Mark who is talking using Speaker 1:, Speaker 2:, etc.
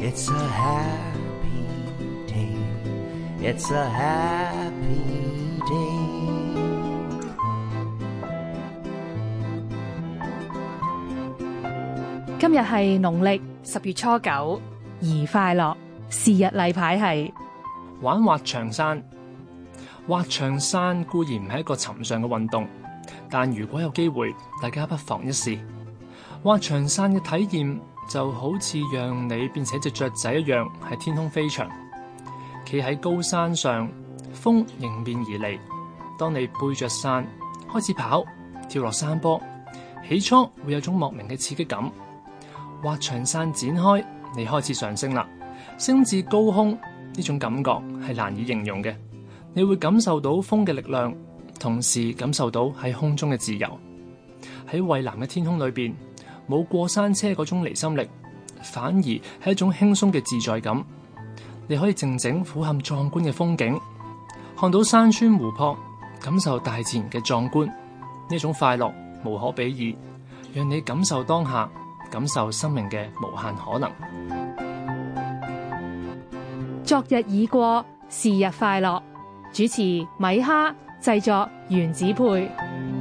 Speaker 1: It's a happy day. It's
Speaker 2: a happy day。今日係農曆十月初九，宜快樂。是日例牌係玩滑
Speaker 1: 翔傘。滑翔傘固然唔係一個尋常嘅運動，但如果有機會，大家不妨一試。滑翔傘嘅體驗。就好似讓你變成一隻雀仔一樣，喺天空飛翔。企喺高山上，風迎面而嚟。當你背着傘開始跑，跳落山坡，起初會有種莫名嘅刺激感。滑翔傘展開，你開始上升啦。升至高空，呢種感覺係難以形容嘅。你會感受到風嘅力量，同時感受到喺空中嘅自由。喺蔚藍嘅天空裏邊。冇過山車嗰種離心力，反而係一種輕鬆嘅自在感。你可以靜靜俯瞰壯觀嘅風景，看到山川湖泊，感受大自然嘅壯觀，呢種快樂無可比擬，讓你感受當下，感受生命嘅無限可能。
Speaker 2: 昨日已過，是日快樂。主持米哈，製作原子配。